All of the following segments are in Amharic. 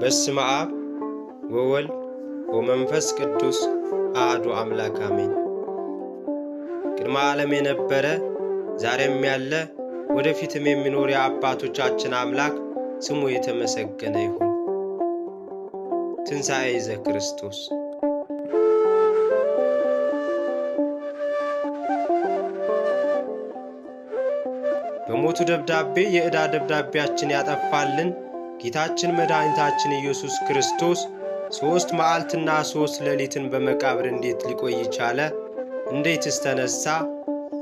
በስመ አብ ወወልድ ወመንፈስ ቅዱስ አህዱ አምላክ አሜን። ቅድመ ዓለም የነበረ ዛሬም ያለ ወደፊትም የሚኖር የአባቶቻችን አምላክ ስሙ የተመሰገነ ይሁን። ትንሣኤ ክርስቶስ በሞቱ ደብዳቤ የዕዳ ደብዳቤያችን ያጠፋልን ጌታችን መድኃኒታችን ኢየሱስ ክርስቶስ ሦስት መዓልትና ሦስት ሌሊትን በመቃብር እንዴት ሊቆይ ቻለ? እንዴትስ ተነሳ?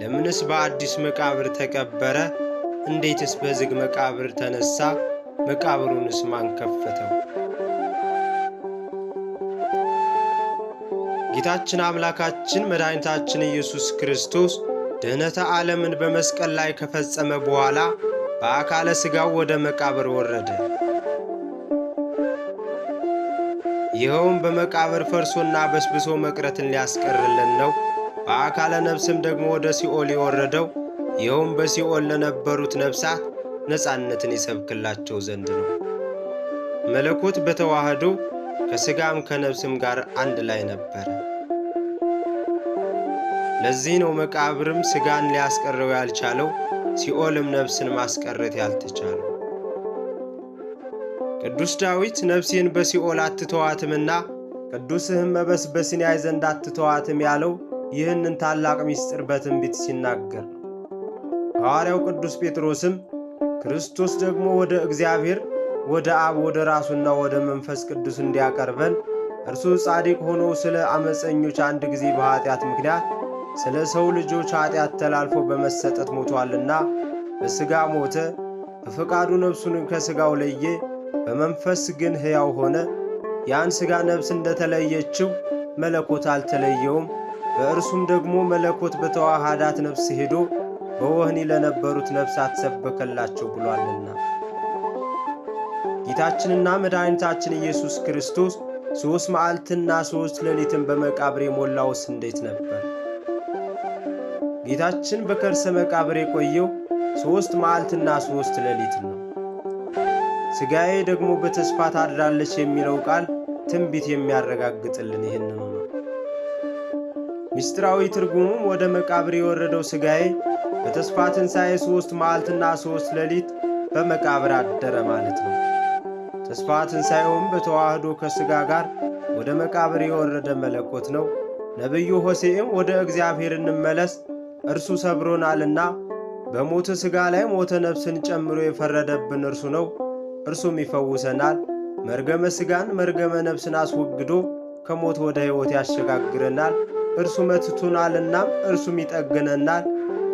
ለምንስ በአዲስ መቃብር ተቀበረ? እንዴትስ በዝግ መቃብር ተነሳ? መቃብሩንስ ማን ከፈተው? ጌታችን አምላካችን መድኃኒታችን ኢየሱስ ክርስቶስ ድኅነተ ዓለምን በመስቀል ላይ ከፈጸመ በኋላ በአካለ ሥጋው ወደ መቃብር ወረደ። ይኸውም በመቃብር ፈርሶና በስብሶ መቅረትን ሊያስቀርልን ነው። በአካለ ነፍስም ደግሞ ወደ ሲኦል የወረደው ይኸውም በሲኦል ለነበሩት ነፍሳት ነፃነትን ይሰብክላቸው ዘንድ ነው። መለኮት በተዋህዶ ከሥጋም ከነፍስም ጋር አንድ ላይ ነበረ። ለዚህ ነው መቃብርም ሥጋን ሊያስቀረው ያልቻለው፣ ሲኦልም ነፍስን ማስቀረት ያልተቻለው። ቅዱስ ዳዊት ነፍሴን በሲኦል አትተዋትምና ቅዱስህም መበስበስን ያይ ዘንድ አትተዋትም ያለው ይህንን ታላቅ ምስጢር በትንቢት ሲናገር ነው። ሐዋርያው ቅዱስ ጴጥሮስም ክርስቶስ ደግሞ ወደ እግዚአብሔር ወደ አብ ወደ ራሱና ወደ መንፈስ ቅዱስ እንዲያቀርበን እርሱ ጻድቅ ሆኖ ስለ አመፀኞች አንድ ጊዜ በኃጢአት ምክንያት ስለ ሰው ልጆች ኃጢአት ተላልፎ በመሰጠት ሞቷልና በሥጋ ሞተ፣ በፈቃዱ ነፍሱን ከሥጋው ለየ በመንፈስ ግን ሕያው ሆነ። ያን ሥጋ ነፍስ እንደተለየችው መለኮት አልተለየውም። በእርሱም ደግሞ መለኮት በተዋሃዳት ነፍስ ሄዶ በወህኒ ለነበሩት ነፍሳት ሰበከላቸው ብሏልና። ጌታችንና መድኃኒታችን ኢየሱስ ክርስቶስ ሦስት መዓልትና ሦስት ሌሊትን በመቃብር የሞላውስ እንዴት ነበር? ጌታችን በከርሰ መቃብር የቆየው ሦስት መዓልትና ሦስት ሌሊት ነው። ሥጋዬ ደግሞ በተስፋ ታድራለች የሚለው ቃል ትንቢት የሚያረጋግጥልን ይህንኑ ነው። ምስጢራዊ ትርጉሙም ወደ መቃብር የወረደው ሥጋዬ በተስፋ ትንሣኤ ሦስት መዓልትና ሦስት ሌሊት በመቃብር አደረ ማለት ነው። ተስፋ ትንሣኤውም በተዋህዶ ከሥጋ ጋር ወደ መቃብር የወረደ መለኮት ነው። ነቢዩ ሆሴዕም ወደ እግዚአብሔር እንመለስ እርሱ ሰብሮናልና በሞተ ሥጋ ላይ ሞተ ነፍስን ጨምሮ የፈረደብን እርሱ ነው እርሱም ይፈውሰናል። መርገመ ሥጋን መርገመ ነፍስን አስወግዶ ከሞት ወደ ሕይወት ያሸጋግረናል። እርሱ መትቶናልና እርሱም ይጠግነናል።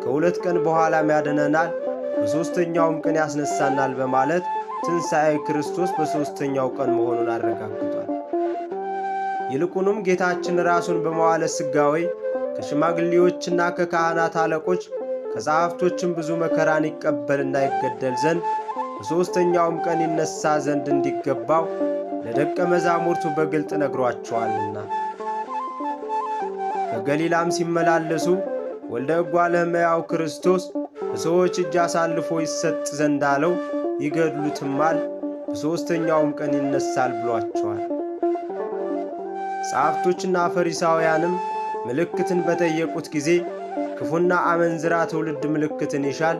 ከሁለት ቀን በኋላም ያድነናል፣ በሦስተኛውም ቀን ያስነሳናል በማለት ትንሣኤ ክርስቶስ በሦስተኛው ቀን መሆኑን አረጋግጧል። ይልቁንም ጌታችን ራሱን በመዋለ ሥጋዌ ከሽማግሌዎችና ከካህናት አለቆች ከጸሐፍቶችም ብዙ መከራን ይቀበልና ይገደል ዘንድ በሦስተኛውም ቀን ይነሣ ዘንድ እንዲገባው ለደቀ መዛሙርቱ በግልጥ ነግሯቸዋልና። በገሊላም ሲመላለሱ ወልደ እጓለ ክርስቶስ በሰዎች እጅ አሳልፎ ይሰጥ ዘንድ አለው፣ ይገድሉትማል፣ በሦስተኛውም ቀን ይነሣል ብሏቸዋል። ጸሐፍቶችና ፈሪሳውያንም ምልክትን በጠየቁት ጊዜ ክፉና አመንዝራ ትውልድ ምልክትን ይሻል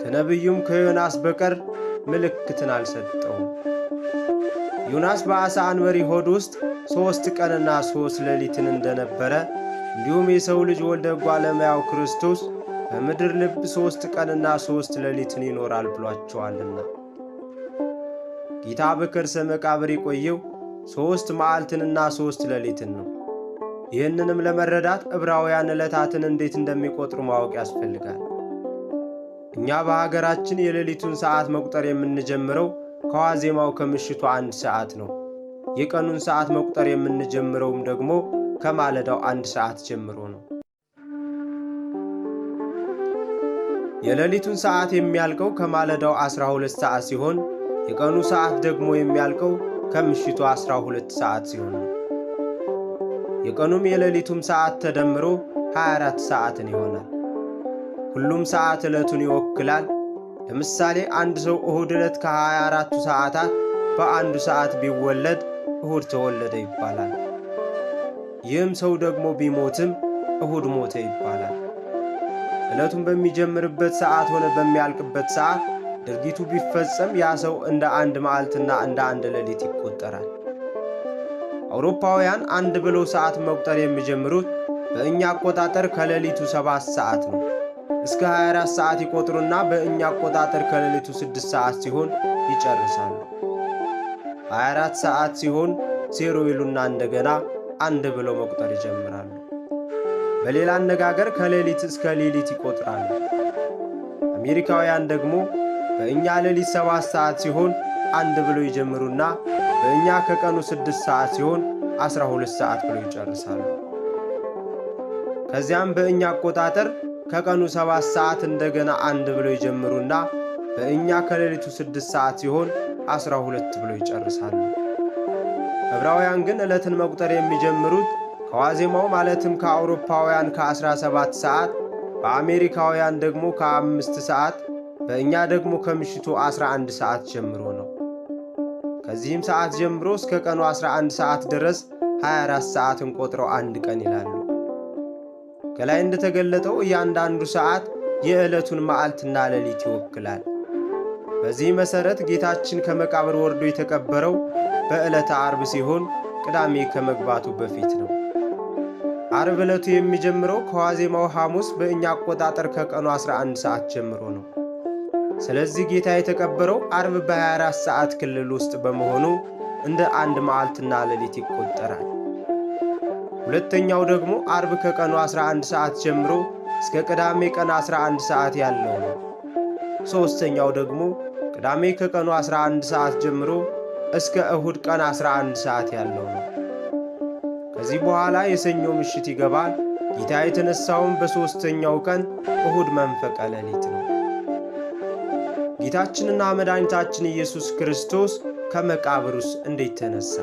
ከነቢዩም ከዮናስ በቀር ምልክትን አልሰጠውም። ዮናስ በአሳ አንበሪ ሆድ ውስጥ ሦስት ቀንና ሦስት ሌሊትን እንደነበረ እንዲሁም የሰው ልጅ ወልደ ጓለማያው ክርስቶስ በምድር ልብ ሦስት ቀንና ሦስት ሌሊትን ይኖራል ብሏቸዋልና ጌታ በከርሰ መቃብር የቆየው ሦስት መዓልትንና ሦስት ሌሊትን ነው። ይህንንም ለመረዳት ዕብራውያን ዕለታትን እንዴት እንደሚቆጥሩ ማወቅ ያስፈልጋል። እኛ በሀገራችን የሌሊቱን ሰዓት መቁጠር የምንጀምረው ከዋዜማው ከምሽቱ አንድ ሰዓት ነው። የቀኑን ሰዓት መቁጠር የምንጀምረውም ደግሞ ከማለዳው አንድ ሰዓት ጀምሮ ነው። የሌሊቱን ሰዓት የሚያልቀው ከማለዳው 12 ሰዓት ሲሆን የቀኑ ሰዓት ደግሞ የሚያልቀው ከምሽቱ 12 ሰዓት ሲሆን ነው። የቀኑም የሌሊቱም ሰዓት ተደምሮ 24 ሰዓትን ይሆናል። ሁሉም ሰዓት ዕለቱን ይወክላል። ለምሳሌ አንድ ሰው እሁድ ዕለት ከ24ቱ ሰዓታት በአንዱ ሰዓት ቢወለድ እሁድ ተወለደ ይባላል። ይህም ሰው ደግሞ ቢሞትም እሁድ ሞተ ይባላል። ዕለቱን በሚጀምርበት ሰዓት ሆነ በሚያልቅበት ሰዓት ድርጊቱ ቢፈጸም ያ ሰው እንደ አንድ መዓልትና እንደ አንድ ሌሊት ይቆጠራል። አውሮፓውያን አንድ ብለው ሰዓት መቁጠር የሚጀምሩት በእኛ አቆጣጠር ከሌሊቱ ሰባት ሰዓት ነው። እስከ 24 ሰዓት ይቆጥሩና በእኛ አቆጣጠር ከሌሊቱ 6 ሰዓት ሲሆን ይጨርሳሉ። 24 ሰዓት ሲሆን ዜሮ ይሉና እንደገና አንድ ብለው መቁጠር ይጀምራሉ። በሌላ አነጋገር ከሌሊት እስከ ሌሊት ይቆጥራሉ። አሜሪካውያን ደግሞ በእኛ ሌሊት 7 ሰዓት ሲሆን አንድ ብለው ይጀምሩና በእኛ ከቀኑ 6 ሰዓት ሲሆን 12 ሰዓት ብለው ይጨርሳሉ። ከዚያም በእኛ አቆጣጠር ከቀኑ ሰባት ሰዓት እንደገና አንድ ብሎ ይጀምሩና በእኛ ከሌሊቱ ስድስት ሰዓት ሲሆን አስራ ሁለት ብሎ ይጨርሳሉ። ዕብራውያን ግን ዕለትን መቁጠር የሚጀምሩት ከዋዜማው ማለትም ከአውሮፓውያን ከ17 ሰዓት በአሜሪካውያን ደግሞ ከአምስት ሰዓት በእኛ ደግሞ ከምሽቱ 11 ሰዓት ጀምሮ ነው። ከዚህም ሰዓት ጀምሮ እስከ ቀኑ 11 ሰዓት ድረስ 24 ሰዓትን ቆጥረው አንድ ቀን ይላሉ። ከላይ እንደተገለጠው እያንዳንዱ ሰዓት የዕለቱን መዓልትና ሌሊት ይወክላል። በዚህ መሠረት ጌታችን ከመቃብር ወርዶ የተቀበረው በዕለተ አርብ ሲሆን ቅዳሜ ከመግባቱ በፊት ነው። አርብ ዕለቱ የሚጀምረው ከዋዜማው ሐሙስ በእኛ አቆጣጠር ከቀኑ 11 ሰዓት ጀምሮ ነው። ስለዚህ ጌታ የተቀበረው አርብ በ24 ሰዓት ክልል ውስጥ በመሆኑ እንደ አንድ መዓልትና ሌሊት ይቆጠራል። ሁለተኛው ደግሞ አርብ ከቀኑ 11 ሰዓት ጀምሮ እስከ ቅዳሜ ቀን 11 ሰዓት ያለው ነው። ሦስተኛው ደግሞ ቅዳሜ ከቀኑ 11 ሰዓት ጀምሮ እስከ እሁድ ቀን 11 ሰዓት ያለው ነው። ከዚህ በኋላ የሰኞ ምሽት ይገባል። ጌታ የተነሳውም በሦስተኛው ቀን እሁድ መንፈቀ ሌሊት ነው። ጌታችንና መድኃኒታችን ኢየሱስ ክርስቶስ ከመቃብሩስ እንዴት ተነሳ?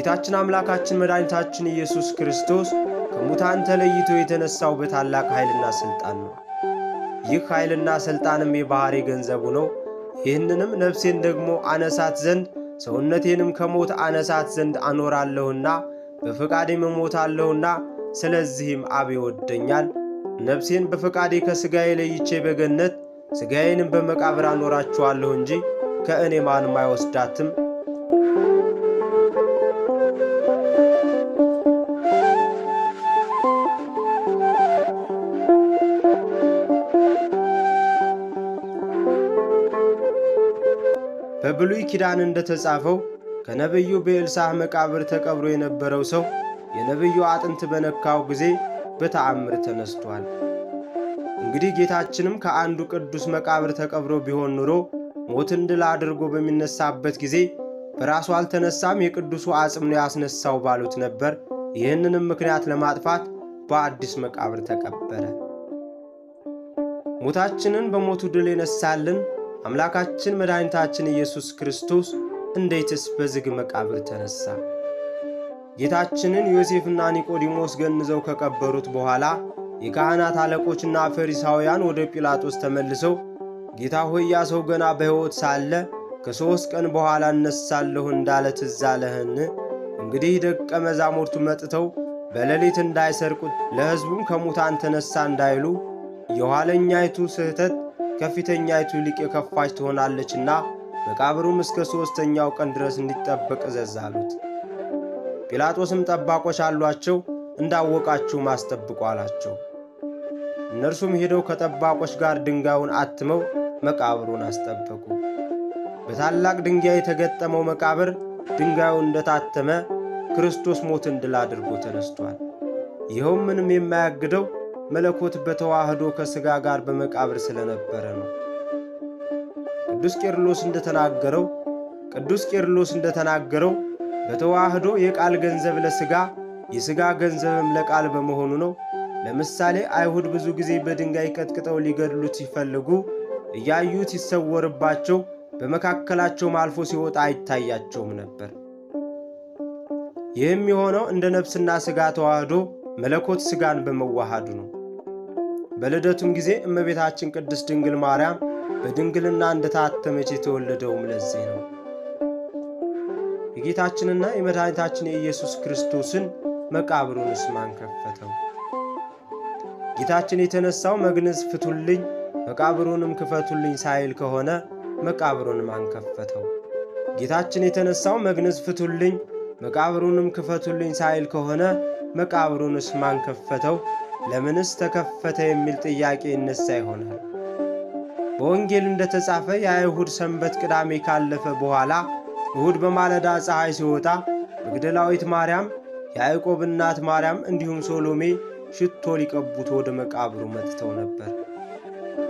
ጌታችን አምላካችን መድኃኒታችን ኢየሱስ ክርስቶስ ከሙታን ተለይቶ የተነሳው በታላቅ ኃይልና ሥልጣን ነው። ይህ ኃይልና ሥልጣንም የባሕሪ ገንዘቡ ነው። ይህንንም ነፍሴን ደግሞ አነሳት ዘንድ ሰውነቴንም ከሞት አነሳት ዘንድ አኖራለሁና በፈቃዴም እሞታለሁና ስለዚህም አብ ይወደኛል። ነፍሴን በፈቃዴ ከሥጋዬ ለይቼ በገነት ሥጋዬንም በመቃብር አኖራችኋለሁ እንጂ ከእኔ ማንም አይወስዳትም ኪዳን እንደተጻፈው ከነቢዩ በኤልሳዕ መቃብር ተቀብሮ የነበረው ሰው የነቢዩ አጥንት በነካው ጊዜ በተአምር ተነስቷል። እንግዲህ ጌታችንም ከአንዱ ቅዱስ መቃብር ተቀብሮ ቢሆን ኑሮ ሞትን ድል አድርጎ በሚነሳበት ጊዜ በራሱ አልተነሳም፣ የቅዱሱ አጽም ነው ያስነሳው ባሉት ነበር። ይህንንም ምክንያት ለማጥፋት በአዲስ መቃብር ተቀበረ። ሞታችንን በሞቱ ድል የነሳልን አምላካችን መድኃኒታችን ኢየሱስ ክርስቶስ እንዴትስ በዝግ መቃብር ተነሳ? ጌታችንን ዮሴፍና ኒቆዲሞስ ገንዘው ከቀበሩት በኋላ የካህናት አለቆችና ፈሪሳውያን ወደ ጲላጦስ ተመልሰው ጌታ ሆይ ያ ሰው ገና በሕይወት ሳለ ከሦስት ቀን በኋላ እነሳለሁ እንዳለ ትዝ አለህን? እንግዲህ ደቀ መዛሙርቱ መጥተው በሌሊት እንዳይሰርቁት ለሕዝቡም ከሙታን ተነሳ እንዳይሉ የኋለኛይቱ ስህተት ከፊተኛይቱ ይልቅ የከፋች ትሆናለችና መቃብሩም እስከ ሦስተኛው ቀን ድረስ እንዲጠበቅ እዘዝ አሉት። ጲላጦስም ጠባቆች አሏቸው፣ እንዳወቃችሁ ማስጠብቁ አላቸው። እነርሱም ሄደው ከጠባቆች ጋር ድንጋዩን አትመው መቃብሩን አስጠበቁ። በታላቅ ድንጋይ የተገጠመው መቃብር ድንጋዩ እንደታተመ ክርስቶስ ሞትን ድል አድርጎ ተነስቷል። ይኸውም ምንም የማያግደው መለኮት በተዋህዶ ከሥጋ ጋር በመቃብር ስለነበረ ነው። ቅዱስ ቄርሎስ እንደተናገረው ቅዱስ ቄርሎስ እንደተናገረው በተዋህዶ የቃል ገንዘብ ለሥጋ የሥጋ ገንዘብም ለቃል በመሆኑ ነው። ለምሳሌ አይሁድ ብዙ ጊዜ በድንጋይ ቀጥቅጠው ሊገድሉት ሲፈልጉ እያዩት ይሰወርባቸው፣ በመካከላቸውም አልፎ ሲወጣ አይታያቸውም ነበር። ይህም የሆነው እንደ ነፍስና ሥጋ ተዋህዶ መለኮት ሥጋን በመዋሃዱ ነው። በልደቱም ጊዜ እመቤታችን ቅድስት ድንግል ማርያም በድንግልና እንደታተመች የተወለደውም ለዚህ ነው። የጌታችንና የመድኃኒታችን የኢየሱስ ክርስቶስን መቃብሩንስ ማን ከፈተው? ጌታችን የተነሳው መግነዝ ፍቱልኝ፣ መቃብሩንም ክፈቱልኝ ሳይል ከሆነ መቃብሩን ማን ከፈተው? ጌታችን የተነሳው መግነዝ ፍቱልኝ፣ መቃብሩንም ክፈቱልኝ ሳይል ከሆነ መቃብሩንስ ማን ከፈተው? ለምንስ ተከፈተ የሚል ጥያቄ ይነሳ ይሆናል። በወንጌል እንደተጻፈ የአይሁድ ሰንበት ቅዳሜ ካለፈ በኋላ እሁድ በማለዳ ፀሐይ ሲወጣ መግደላዊት ማርያም፣ የያዕቆብ እናት ማርያም እንዲሁም ሶሎሜ ሽቶ ሊቀቡት ወደ መቃብሩ መጥተው ነበር።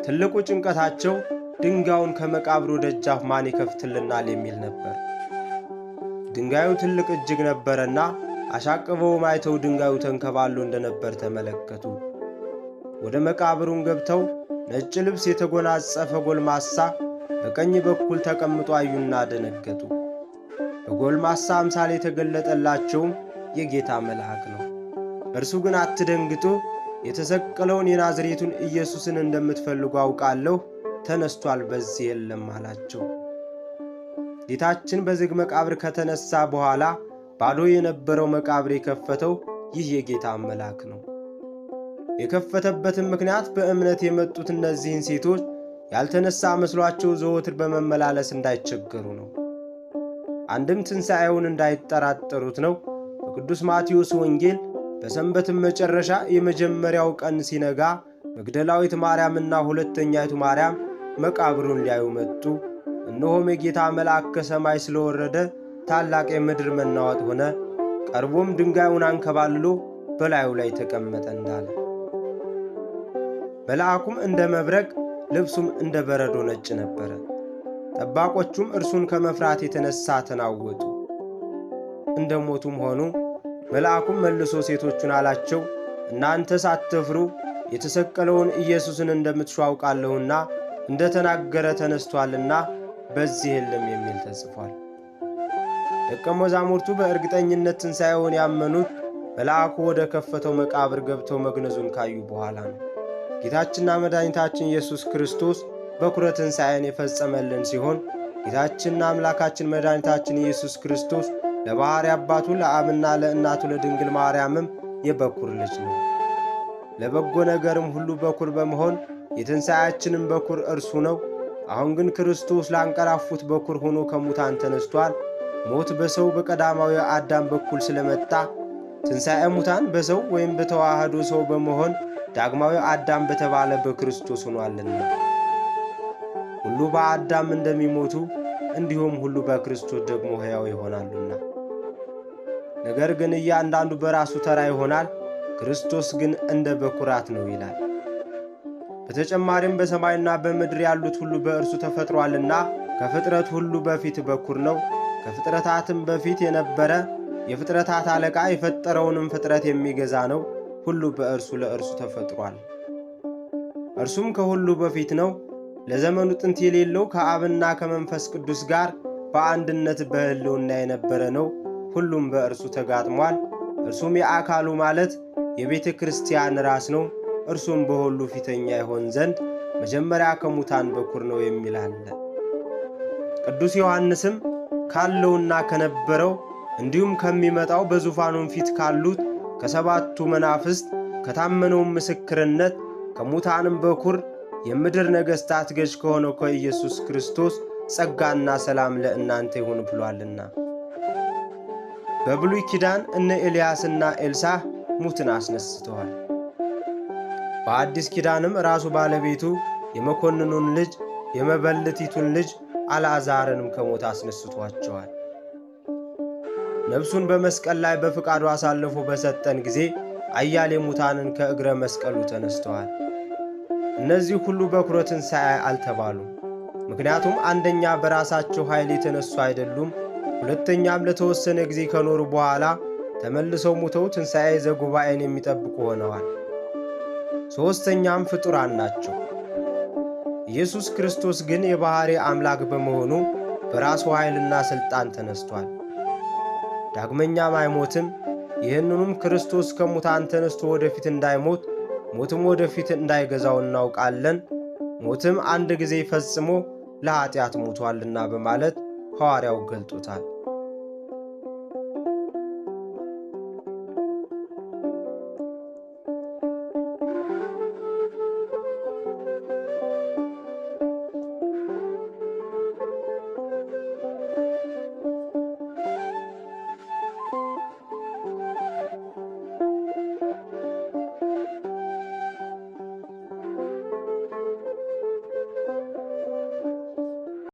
ትልቁ ጭንቀታቸው ድንጋዩን ከመቃብሩ ደጃፍ ማን ይከፍትልናል የሚል ነበር። ድንጋዩ ትልቅ እጅግ ነበረና አሻቅበውም አይተው ድንጋዩ ተንከባሎ እንደነበር ተመለከቱ። ወደ መቃብሩን ገብተው ነጭ ልብስ የተጎናጸፈ ጎልማሳ በቀኝ በኩል ተቀምጦ አዩና ደነገጡ። በጎልማሳ አምሳል የተገለጠላቸውም የጌታ መልአክ ነው። እርሱ ግን አትደንግጡ፣ የተሰቀለውን የናዝሬቱን ኢየሱስን እንደምትፈልጉ አውቃለሁ፣ ተነስቷል፣ በዚህ የለም አላቸው። ጌታችን በዝግ መቃብር ከተነሳ በኋላ ባዶ የነበረው መቃብር የከፈተው ይህ የጌታ መልአክ ነው። የከፈተበትም ምክንያት በእምነት የመጡት እነዚህን ሴቶች ያልተነሳ መስሏቸው ዘወትር በመመላለስ እንዳይቸገሩ ነው። አንድም ትንሣኤውን እንዳይጠራጠሩት ነው። በቅዱስ ማቴዎስ ወንጌል በሰንበትም መጨረሻ የመጀመሪያው ቀን ሲነጋ መግደላዊት ማርያምና ሁለተኛይቱ ማርያም መቃብሩን ሊያዩ መጡ። እነሆም የጌታ መልአክ ከሰማይ ስለወረደ ታላቅ የምድር መናወጥ ሆነ። ቀርቦም ድንጋዩን አንከባልሎ በላዩ ላይ ተቀመጠ እንዳለ መልአኩም እንደ መብረቅ ልብሱም እንደ በረዶ ነጭ ነበረ። ጠባቆቹም እርሱን ከመፍራት የተነሳ ተናወጡ፣ እንደ ሞቱም ሆኑ። መልአኩም መልሶ ሴቶቹን አላቸው፣ እናንተ ሳትፍሩ የተሰቀለውን ኢየሱስን እንደምትሹ አውቃለሁና እንደ ተናገረ ተነስቷልና በዚህ የለም የሚል ተጽፏል። ደቀ መዛሙርቱ በእርግጠኝነት ትንሣኤውን ያመኑት መልአኩ ወደ ከፈተው መቃብር ገብተው መግነዙን ካዩ በኋላ ነው። ጌታችንና መድኃኒታችን ኢየሱስ ክርስቶስ በኩረ ትንሣኤን የፈጸመልን ሲሆን ጌታችንና አምላካችን መድኃኒታችን ኢየሱስ ክርስቶስ ለባሕርይ አባቱ ለአብና ለእናቱ ለድንግል ማርያምም የበኩር ልጅ ነው። ለበጎ ነገርም ሁሉ በኩር በመሆን የትንሣኤያችንም በኩር እርሱ ነው። አሁን ግን ክርስቶስ ላንቀላፉት በኩር ሆኖ ከሙታን ተነስቷል። ሞት በሰው በቀዳማዊ አዳም በኩል ስለመጣ ትንሣኤ ሙታን በሰው ወይም በተዋህዶ ሰው በመሆን ዳግማዊ አዳም በተባለ በክርስቶስ ሆኗልና ሁሉ በአዳም እንደሚሞቱ እንዲሁም ሁሉ በክርስቶስ ደግሞ ሕያው ይሆናሉና። ነገር ግን እያንዳንዱ በራሱ ተራ ይሆናል፣ ክርስቶስ ግን እንደ በኩራት ነው ይላል። በተጨማሪም በሰማይና በምድር ያሉት ሁሉ በእርሱ ተፈጥሯልና ከፍጥረት ሁሉ በፊት በኩር ነው። ከፍጥረታትም በፊት የነበረ የፍጥረታት አለቃ የፈጠረውንም ፍጥረት የሚገዛ ነው። ሁሉ በእርሱ ለእርሱ ተፈጥሯል። እርሱም ከሁሉ በፊት ነው። ለዘመኑ ጥንት የሌለው ከአብና ከመንፈስ ቅዱስ ጋር በአንድነት በሕልውና የነበረ ነው። ሁሉም በእርሱ ተጋጥሟል። እርሱም የአካሉ ማለት የቤተ ክርስቲያን ራስ ነው። እርሱም በሁሉ ፊተኛ ይሆን ዘንድ መጀመሪያ ከሙታን በኩር ነው የሚል አለ። ቅዱስ ዮሐንስም ካለውና ከነበረው እንዲሁም ከሚመጣው በዙፋኑም ፊት ካሉት ከሰባቱ መናፍስት ከታመነውም ምስክርነት ከሙታንም በኩር የምድር ነገሥታት ገዥ ከሆነው ከኢየሱስ ክርስቶስ ጸጋና ሰላም ለእናንተ ይሁን ብሏልና። በብሉይ ኪዳን እነ ኤልያስና ኤልሳዕ ሙትን አስነስተዋል። በአዲስ ኪዳንም ራሱ ባለቤቱ የመኮንኑን ልጅ የመበለቲቱን ልጅ አልዓዛርንም ከሞት አስነስቷቸዋል። ነፍሱን በመስቀል ላይ በፍቃዱ አሳልፎ በሰጠን ጊዜ አያሌ ሙታንን ከእግረ መስቀሉ ተነስተዋል። እነዚህ ሁሉ በኩረ ትንሣኤ አልተባሉም። ምክንያቱም አንደኛ በራሳቸው ኃይል የተነሱ አይደሉም፣ ሁለተኛም ለተወሰነ ጊዜ ከኖሩ በኋላ ተመልሰው ሙተው ትንሣኤ ዘጉባኤን የሚጠብቁ ሆነዋል። ሦስተኛም ፍጡራን ናቸው። ኢየሱስ ክርስቶስ ግን የባሕሪ አምላክ በመሆኑ በራሱ ኃይልና ሥልጣን ተነስቷል። ዳግመኛም አይሞትም። ይህንኑም ክርስቶስ ከሙታን ተነስቶ ወደፊት እንዳይሞት ሞትም ወደፊት እንዳይገዛው እናውቃለን፣ ሞትም አንድ ጊዜ ፈጽሞ ለኀጢአት ሞቷልና በማለት ሐዋርያው ገልጦታል።